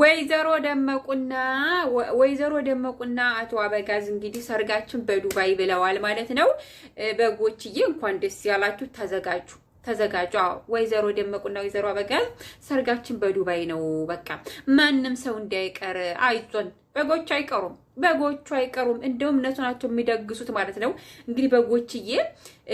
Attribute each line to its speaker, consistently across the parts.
Speaker 1: ወይዘሮ ደመቁና ወይዘሮ ደመቁና አቶ አበጋዝ እንግዲህ ሰርጋችን በዱባይ ብለዋል ማለት ነው። በጎችዬ እንኳን ደስ ያላችሁ። ተዘጋጁ ተዘጋጁ። አዎ ወይዘሮ ደመቁና ወይዘሮ አበጋዝ ሰርጋችን በዱባይ ነው። በቃ ማንም ሰው እንዳይቀር አይዞን፣ በጎች አይቀሩም። በጎቹ አይቀሩም። እንደውም እነሱ ናቸው የሚደግሱት ማለት ነው። እንግዲህ በጎችዬ፣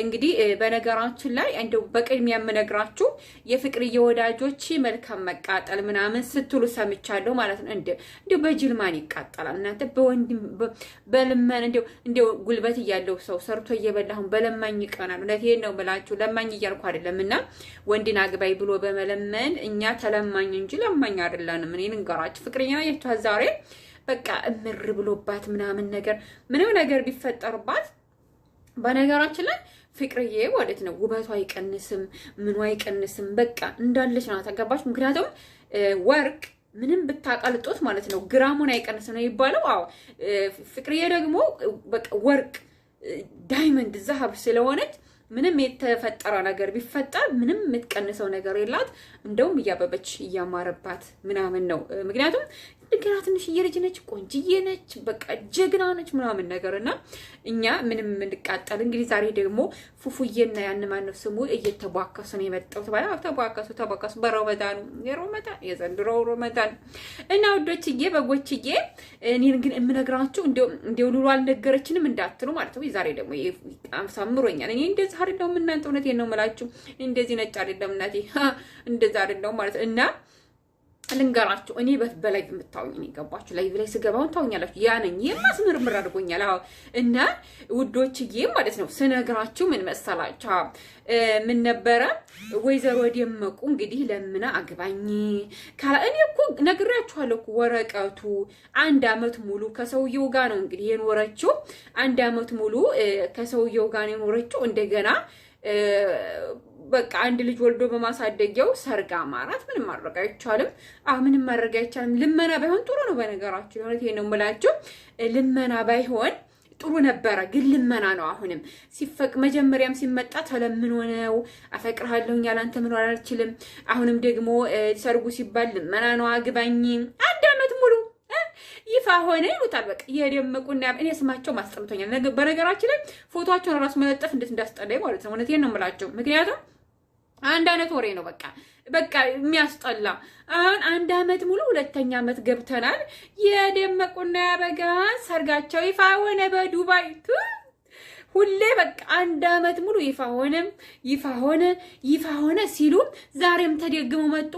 Speaker 1: እንግዲህ በነገራችን ላይ እንደው በቅድሚያ የምነግራችሁ የፍቅርዬ ወዳጆች መልካም መቃጠል ምናምን ስትሉ ሰምቻለሁ ማለት ነው። እንደ እንዲያው በጅልማን ይቃጠላል እናንተ በወንድም በልመን እንዲያው እንዲያው ጉልበት እያለው ሰው ሰርቶ እየበላሁን በለማኝ ይቀናል። እውነቴን ነው የምላችሁ። ለማኝ እያልኩ አይደለም እና ወንድን አግባይ ብሎ በመለመን እኛ ተለማኝ እንጂ ለማኝ አይደለንም። እኔ ልንገራችሁ ፍቅርኛ ዛሬ በቃ እምር ብሎባት ምናምን ነገር ምንም ነገር ቢፈጠርባት በነገራችን ላይ ፍቅርዬ ማለት ነው ውበቷ አይቀንስም፣ ምኗ አይቀንስም። በቃ እንዳለች ናት። አገባች? ምክንያቱም ወርቅ ምንም ብታቀልጦት ማለት ነው ግራሙን አይቀንስም ነው የሚባለው። አዎ ፍቅርዬ ደግሞ በቃ ወርቅ ዳይመንድ ዛሀብ ስለሆነች ምንም የተፈጠረ ነገር ቢፈጠር ምንም የምትቀንሰው ነገር የላት። እንደውም እያበበች እያማረባት ምናምን ነው። ምክንያቱም ገና ትንሽዬ ልጅ ነች፣ ቆንጅዬ ነች፣ በቃ ጀግና ነች ምናምን ነገር እና እኛ ምንም የምንቃጠል እንግዲህ ዛሬ ደግሞ ፉፉዬና ያን ማነው ስሙ እየተቧከሱ ነው የመጣው ተባለ። ተቧከሱ ተቧከሱ በረመዳኑ የሮመዳን የዘንድሮ ሮመዳን እና ውዶችዬ በጎችዬ እኔን ግን የምነግራችሁ እንዲው ሉሉ አልነገረችንም እንዳትሉ ማለት ነው። ዛሬ ደግሞ አምሳምሮኛል። እኔ እንደዚህ አይደለሁም እናንተ፣ እውነቴን ነው የምላችሁ እንደዚህ ነጭ አይደለም እናቴ እንደዛ አይደለሁም ማለት እና ልንገራችሁ እኔ በላይ የምታውኝ ነው የገባችሁ። ላይ ላይ ስገባውን ታውኛላችሁ። ያ ነኝ የማስምርምር አድርጎኛል። አዎ እና ውዶችዬ ማለት ነው ስነግራችሁ ምን መሰላችሁ፣ ምን ነበረ ወይዘሮ ደመቁ እንግዲህ ለምና አግባኝ ካላ እኔ እኮ ነግራችኋለሁ ወረቀቱ አንድ አመት ሙሉ ከሰውየው ጋር ነው እንግዲህ የኖረችው። አንድ አመት ሙሉ ከሰውየው ጋር ነው የኖረችው እንደገና በቃ አንድ ልጅ ወልዶ በማሳደጊያው ሰርግ አማራት። ምንም ማድረግ አይቻልም። ምንም ማድረግ አይቻልም። ልመና ባይሆን ጥሩ ነው። በነገራችን ሆነት ይሄ ነው የምላቸው። ልመና ባይሆን ጥሩ ነበረ፣ ግን ልመና ነው። አሁንም ሲፈቅ መጀመሪያም ሲመጣ ተለምኖ ነው። አፈቅርሃለሁኝ ያላንተ ምኖር አልችልም። አሁንም ደግሞ ሰርጉ ሲባል ልመና ነው። አግባኝ አንድ አመት ሙሉ ይፋ ሆነ ይሉታል። በቃ የደመቁና እኔ ስማቸው ማስጠምቶኛል። በነገራችን ላይ ፎቶቸውን ራሱ መለጠፍ እንዴት እንዳስጠላኝ ማለት ነው። እውነቴን ነው የምላቸው ምክንያቱም አንድ አይነት ወሬ ነው። በቃ በቃ የሚያስጠላ አሁን አንድ አመት ሙሉ ሁለተኛ አመት ገብተናል። የደመቁና ያበጋ ሰርጋቸው ይፋ ሆነ በዱባይ ሁሌ በቃ አንድ አመት ሙሉ ይፋ ሆነ ይፋ ሆነ ይፋ ሆነ ሲሉ ዛሬም ተደግሞ መጡ።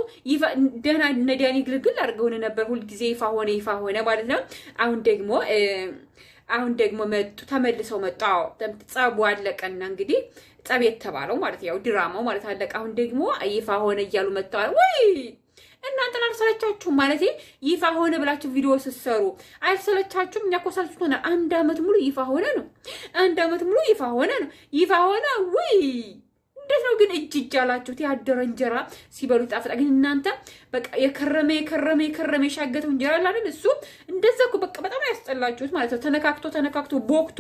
Speaker 1: ደህና እነ ዳኒ ግልግል አድርገውን ነበር። ሁልጊዜ ይፋ ሆነ ይፋ ሆነ ማለት ነው። አሁን ደግሞ አሁን ደግሞ መጡ፣ ተመልሰው መጡ። አዎ ጸቡ አለቀና እንግዲህ ጸብ የተባለው ማለት ያው ድራማው ማለት አለቀ። አሁን ደግሞ ይፋ ሆነ እያሉ መጥተዋል። ወይ እናንተ አልሰለቻችሁም? ማለት ይፋ ሆነ ብላችሁ ቪዲዮ ስትሰሩ አልሰለቻችሁም? እኛ እኮ ሰልችቶናል። አንድ አመት ሙሉ ይፋ ሆነ ነው። አንድ አመት ሙሉ ይፋ ሆነ ነው። ይፋ ሆነ ወይ እንዴት ነው ግን እጅ እጅ አላችሁት? ያደረ እንጀራ ሲበሉ ጣፍጣ። ግን እናንተ በቃ የከረመ የከረመ የከረመ የሻገተው እንጀራ አለ አይደል? እሱ እንደዛ እኮ በቃ በጣም ያስጠላችሁት ማለት ነው። ተነካክቶ ተነካክቶ ቦክቶ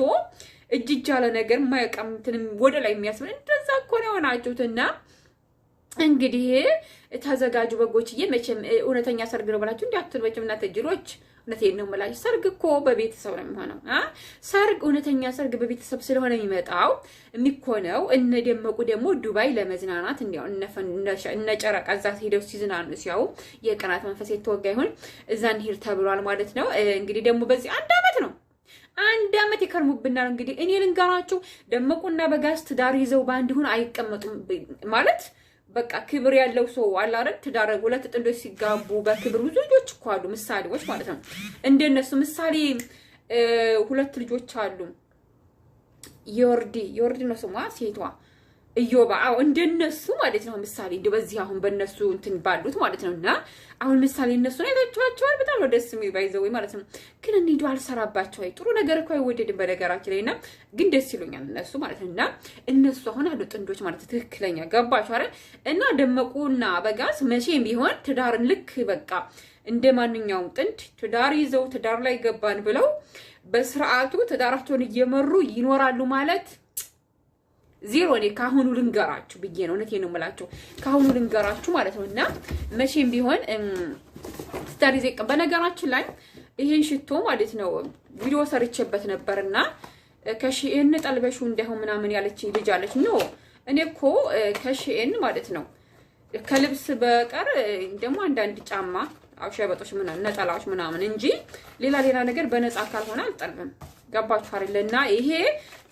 Speaker 1: እጅ እጅ ያለ ነገር ማይቀምትንም ወደ ላይ የሚያስብል እንደዛ እኮ ነው እንግዲህ ተዘጋጁ በጎችዬ። መቼም እውነተኛ ሰርግ ነው ብላችሁ እንዲ መቼም እናተ ጅሎች፣ እውነቴን ነው የምላችሁ። ሰርግ እኮ በቤተሰብ ነው የሚሆነው። ሰርግ እውነተኛ ሰርግ በቤተሰብ ስለሆነ የሚመጣው የሚኮነው። እነ ደመቁ ደግሞ ዱባይ ለመዝናናት እንዲያው እነ ጨረቃ እዛ ሄደው ሲዝናኑ ሲያው የቅናት መንፈስ የተወጋ ይሁን እዛ እንሂድ ተብሏል ማለት ነው። እንግዲህ ደግሞ በዚህ አንድ አመት ነው አንድ አመት ይከርሙብናል። እንግዲህ እኔ ልንገራችሁ፣ ደመቁና በጋዝ ትዳር ይዘው በአንድ ሁን አይቀመጡም ማለት በቃ ክብር ያለው ሰው አለ አይደል? ትዳር ሁለት ጥንዶች ሲጋቡ በክብር ብዙ ልጆች እኮ አሉ፣ ምሳሌዎች ማለት ነው። እንደነሱ ምሳሌ ሁለት ልጆች አሉ። ዮርዲ ዮርዲ ነው ስሟ ሴቷ እዮባ አዎ እንደነሱ ማለት ነው። ምሳሌ እንደ በዚህ አሁን በነሱ እንትን ባሉት ማለት ነው። እና አሁን ምሳሌ እነሱ እነሱን አይታችኋቸዋል። በጣም ነው ደስ የሚል ባይዘው ማለት ነው። ግን እንሂዱ አልሰራባቸው አይ ጥሩ ነገር እኮ አይወደድም በነገራችን ላይ እና ግን ደስ ይሉኛል እነሱ ማለት ነው። እና እነሱ አሁን አሉ ጥንዶች ማለት ትክክለኛ ገባችሁ አይደል? እና ደመቁና በጋስ መቼም ቢሆን ትዳርን ልክ በቃ እንደ ማንኛውም ጥንድ ትዳር ይዘው ትዳር ላይ ገባን ብለው በስርዓቱ ትዳራቸውን እየመሩ ይኖራሉ ማለት ዜሮ እኔ ካሁኑ ልንገራችሁ ብዬ ነው። እውነቴን ነው የምላችሁ፣ ካሁኑ ልንገራችሁ ማለት ነው። እና መቼም ቢሆን ስታር ዜቅ በነገራችን ላይ ይሄን ሽቶ ማለት ነው ቪዲዮ ሰርቼበት ነበር እና ከሺኤን ጠልበሹ እንዳይሆን ምናምን ያለች ልጅ አለች። ኖ እኔ እኮ ከሺኤን ማለት ነው ከልብስ በቀር ደግሞ አንዳንድ ጫማ አሸበጦች፣ ነጠላዎች ምናምን እንጂ ሌላ ሌላ ነገር በነፃ ካልሆነ አልጠልብም። ገባችሁ አይደለ? እና ይሄ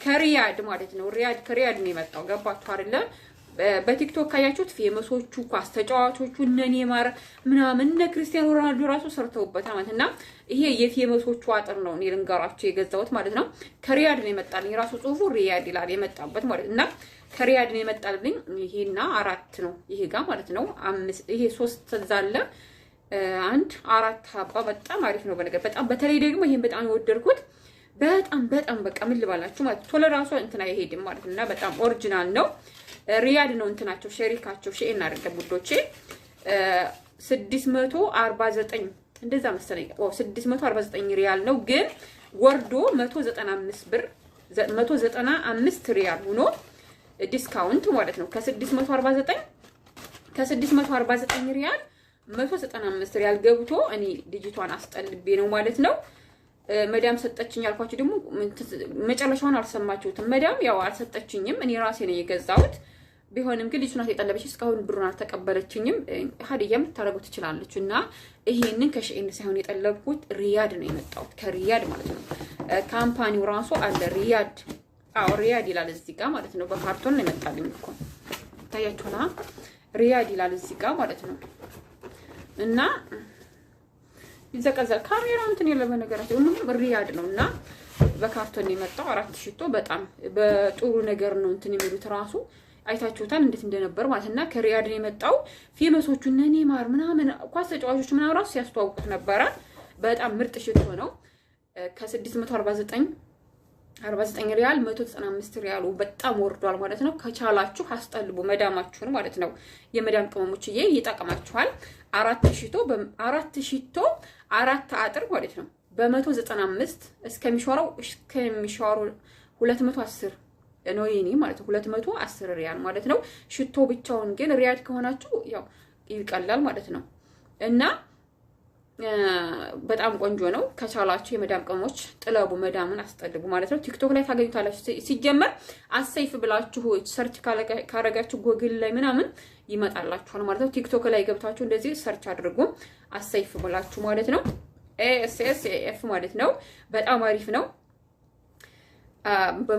Speaker 1: ከሪያድ ማለት ነው። ሪያድ ከሪያድ ነው የመጣው። ገባችሁ አይደለ? በቲክቶክ ካያችሁት ፌመሶቹ ኳስ ተጫዋቾቹ እነ ኔማር ምናምን እነ ክርስቲያኖ ሮናልዶ ራሱ ሰርተውበታል ማለት እና ይሄ የፌመሶቹ አጥር ነው። እኔ ልንገራችሁ የገዛሁት ማለት ነው። ከሪያድ ነው የመጣልኝ። ራሱ ጽሁፉ ሪያድ ይላል የመጣበት ማለት እና ከሪያድ ነው የመጣልኝ። ይሄና አራት ነው ይሄ ጋር ማለት ነው። አምስት ይሄ ሶስት ተዛለ አንድ አራት ሀባ በጣም አሪፍ ነው። በነገር በጣም በተለይ ደግሞ ይሄን በጣም የወደድኩት በጣም በጣም በቃ ምን ልባላችሁ ማለት ቶሎ ራሱ እንትና አይሄድም ማለት እና በጣም ኦሪጂናል ነው። ሪያድ ነው እንትናቸው ሸሪካቸው ሼ እና አይደለም 649 እንደዛ መሰለኝ። ኦ 649 ሪያል ነው ግን ወርዶ 195 ብር 195 ሪያል ሆኖ ዲስካውንት ማለት ነው ከ649 ከ649 ሪያል 195 ሪያል ገብቶ እኔ ልጅቷን አስጠልቤ ነው ማለት ነው። መዳም ሰጠችኝ ያልኳቸው ደግሞ መጨረሻውን አልሰማችሁትም። መዳም ያው አልሰጠችኝም፣ እኔ ራሴ ነው የገዛሁት። ቢሆንም ግን ልጅ ናት የጠለበች፣ እስካሁን ብሩን አልተቀበለችኝም። ሀዲያ የምታደርገው ትችላለች። እና ይሄንን ከሸኤን ሳይሆን የጠለብኩት ሪያድ ነው የመጣሁት፣ ከሪያድ ማለት ነው። ካምፓኒው ራሱ አለ ሪያድ። አዎ ሪያድ ይላል እዚህ ጋር ማለት ነው። በካርቶን ነው የመጣልኝ እኮ ታያችሁና፣ ሪያድ ይላል እዚህ ጋር ማለት ነው እና ይዘቀዘል። ካሜራ እንትን የለም በነገራችን ሁሉም ሪያድ ነው እና በካርቶን የመጣው አራት ሽቶ በጣም በጥሩ ነገር ነው እንትን የሚሉት ራሱ አይታችሁታል እንዴት እንደነበር ማለት እና ከሪያድ የመጣው ፌመሶቹ እነ ኔማር ምናምን ኳስ ተጫዋቾች ምናምን ራሱ ሲያስተዋውቁት ነበረ። በጣም ምርጥ ሽቶ ነው ከ649 49 ሪያል 195 ሪያሉ በጣም ወርዷል ማለት ነው። ከቻላችሁ አስጠልቡ መዳማችሁን ማለት ነው። የመዳም ቅመሞችዬ ይጠቅማችኋል። አራት ሽቶ አራት ሽቶ አራት አጥር ማለት ነው በ195 እስከሚሻረው እስከሚሻረው 210 ነው የኔ ማለት ነው 210 ሪያል ማለት ነው። ሽቶ ብቻውን ግን ሪያድ ከሆናችሁ ያው ይቀላል ማለት ነው እና በጣም ቆንጆ ነው። ከቻላችሁ የመዳም ቅመሞች ጥለቡ፣ መዳምን አስጠልቡ ማለት ነው። ቲክቶክ ላይ ታገኙታላችሁ። ሲጀመር አሰይፍ ብላችሁ ሰርች ካረጋችሁ ጎግል ላይ ምናምን ይመጣላችኋል ማለት ነው። ቲክቶክ ላይ ገብታችሁ እንደዚህ ሰርች አድርጉ አሰይፍ ብላችሁ ማለት ነው። ኤስኤስኤፍ ማለት ነው። በጣም አሪፍ ነው። በ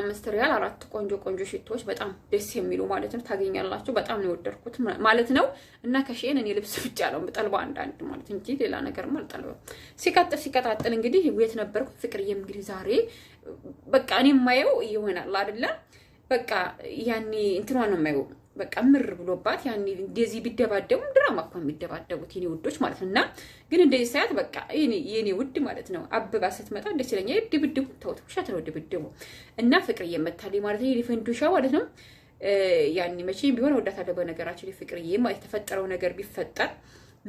Speaker 1: አምስት ሪያል አራት ቆንጆ ቆንጆ ሽቶዎች በጣም ደስ የሚሉ ማለት ነው ታገኛላችሁ። በጣም ነው የወደድኩት ማለት ነው። እና ከሽን እኔ ልብስ ብቻ ነው የምጠልባ አንዳንድ ማለት እንጂ ሌላ ነገር አልጠልበም። ሲቀጥል ሲቀጣጥል እንግዲህ የት ነበርኩ? ፍቅርዬም እንግዲህ ዛሬ በቃ እኔ የማየው ይሆናል አይደለም። በቃ ያኔ እንትኗ ነው የማየው በቃ ምር ብሎባት ያን እንደዚህ ቢደባደቡ ድራማ እኮ የሚደባደቡት የኔ ውዶች ማለት ነው። እና ግን እንደዚህ ሳያት በቃ የኔ ውድ ማለት ነው አበባ ስትመጣ ደስ ይለኛል። ድብድቡ ተውት፣ ውሸት ነው ድብድቡ። እና ፍቅር እየመታልኝ ማለት ነው የፈንዱሻ ማለት ነው። ያን መቼም ቢሆን እወዳታለሁ። በነገራችን ፍቅር የተፈጠረው ነገር ቢፈጠር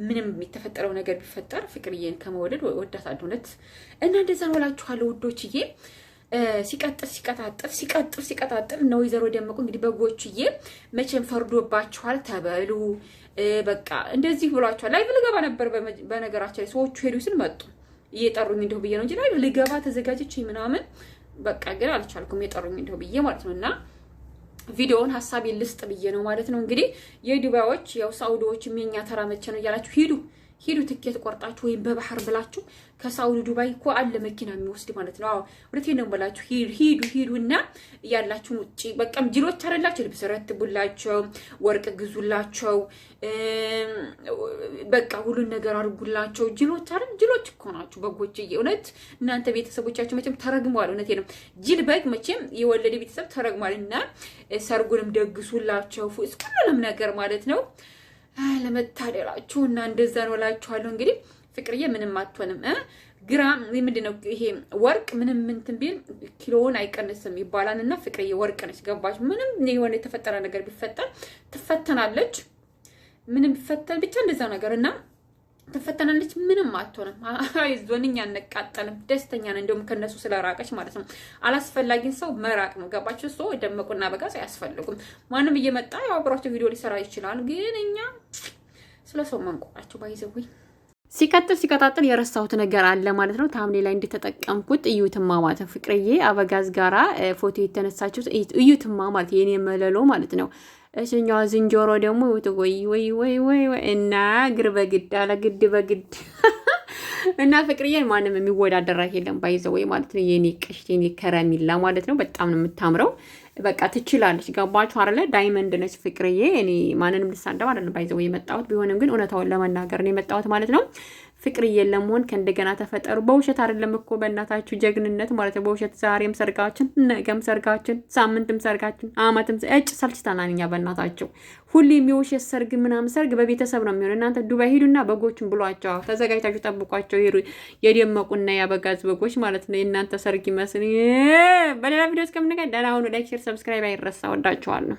Speaker 1: ምንም የተፈጠረው ነገር ቢፈጠር ፍቅርዬን ከመወደድ ወዳት እውነት። እና እንደዛ ነው እላችኋለሁ ውዶችዬ። ሲቀጥል ሲቀጣጥል ሲቀጥል ሲቀጣጥል ነው። ወይዘሮ ደመቁ እንግዲህ በጎቹዬ መቼም ፈርዶባችኋል ተበሉ። በቃ እንደዚህ ብሏችኋል። ላይቭ ልገባ ነበር በነገራችን ላይ ሰዎቹ ሄዱ ስል መጡ እየጠሩኝ እንደው ብዬ ነው እንጂ ላይቭ ልገባ ተዘጋጀች ምናምን በቃ ግን አልቻልኩም። እየጠሩኝ እንደው ብዬ ማለት ነው እና ቪዲዮውን ሀሳቤን ልስጥ ብዬ ነው ማለት ነው። እንግዲህ የዱባዮች ያው ሳውዲዎችም የኛ ተራ መቼ ነው እያላችሁ ሂዱ ሂዱ ትኬት ቆርጣችሁ ወይም በባህር ብላችሁ ከሳውዲ ዱባይ እኮ አለ መኪና የሚወስድ ማለት ነው። ሁለት ነው የምላችሁ። ሂዱ ሂዱ እና ያላችሁ ውጭ በቃም ጅሎች አደላቸው። ልብስ ረትቡላቸው፣ ወርቅ ግዙላቸው፣ በቃ ሁሉን ነገር አድርጉላቸው። ጅሎች አይደል? ጅሎች እኮ ናችሁ በጎች። እውነት እናንተ ቤተሰቦቻችሁ መቼም ተረግመዋል። እውነት ነው። ጅል በግ መቼም የወለደ ቤተሰብ ተረግሟል። እና ሰርጉንም ደግሱላቸው፣ ሁሉንም ነገር ማለት ነው። ለመታደላችሁ እና እንደዛ ነው እላችኋለሁ። እንግዲህ ፍቅርዬ ምንም አትሆንም። ግራም ምንድን ነው ይሄ ወርቅ ምንም ምንትን ቢል ኪሎውን አይቀንስም ይባላል እና ፍቅርዬ ወርቅ ነች። ገባች? ምንም የሆነ የተፈጠረ ነገር ቢፈጠር ትፈተናለች። ምንም ቢፈተን ብቻ እንደዛ ነገር እና ትፈተናለች፣ ምንም አትሆንም። አይዞን እኛ አንቃጠልም። ደስተኛ ነን፣ እንደውም ከነሱ ስለራቀች ማለት ነው። አላስፈላጊን ሰው መራቅ ነው። ገባችሁ? ሰው ደመቁና በጋዝ አያስፈልጉም። ማንም እየመጣ ያው አብሯቸው ቪዲዮ ሊሰራ ይችላል፣ ግን እኛ ስለ ሰው መንቆራቸው ባይዘውኝ ሲቀጥል ሲቀጣጥል የረሳሁት ነገር አለ ማለት ነው። ታምኔ ላይ እንደተጠቀምኩት እዩትማ ማለት ነው ፍቅርዬ አበጋዝ ጋራ ፎቶ የተነሳችሁት እዩትማ ማለት የኔ መለሎ ማለት ነው። እችኛዋ ዝንጀሮ ደግሞ ወይ ወይ ወይ ወይ እና እግር በግድ አለ ግድ በግድ እና ፍቅርዬን ማንም የሚወዳደራት የለም። ባይዘ ወይ ማለት ነው የኔ ቅሽ የኔ ከረሚላ ማለት ነው። በጣም ነው የምታምረው። በቃ ትችላለች። ገባችሁ አይደለ? ዳይመንድ ነች ፍቅርዬ። እኔ ማንንም ልሳደብ አይደለም ባይዘ ወይ የመጣሁት ቢሆንም ግን እውነታውን ለመናገር ነው የመጣሁት ማለት ነው። ፍቅርዬ ለመሆን ከእንደገና ተፈጠሩ። በውሸት አይደለም እኮ በእናታችሁ ጀግንነት ማለት ነው። በውሸት ዛሬም ሰርጋችን፣ ነገም ሰርጋችን፣ ሳምንትም ሰርጋችን፣ አመትም እጭ ሰልችተናል እኛ በእናታቸው። ሁሌም የውሸት ሰርግ ምናምን ሰርግ በቤተሰብ ነው የሚሆን። እናንተ ዱባይ ሄዱና በጎችን ብሏቸው ተዘጋጅታችሁ ጠብቋቸው። ሄዱ። የደመቁና የአበጋዝ በጎች ማለት ነው። የእናንተ ሰርግ ይመስል። በሌላ ቪዲዮ እስከምንገናኝ ደህና ሁኑ። ላይክ፣ ሼር፣ ሰብስክራይብ አይረሳ። ወዳችኋለሁ።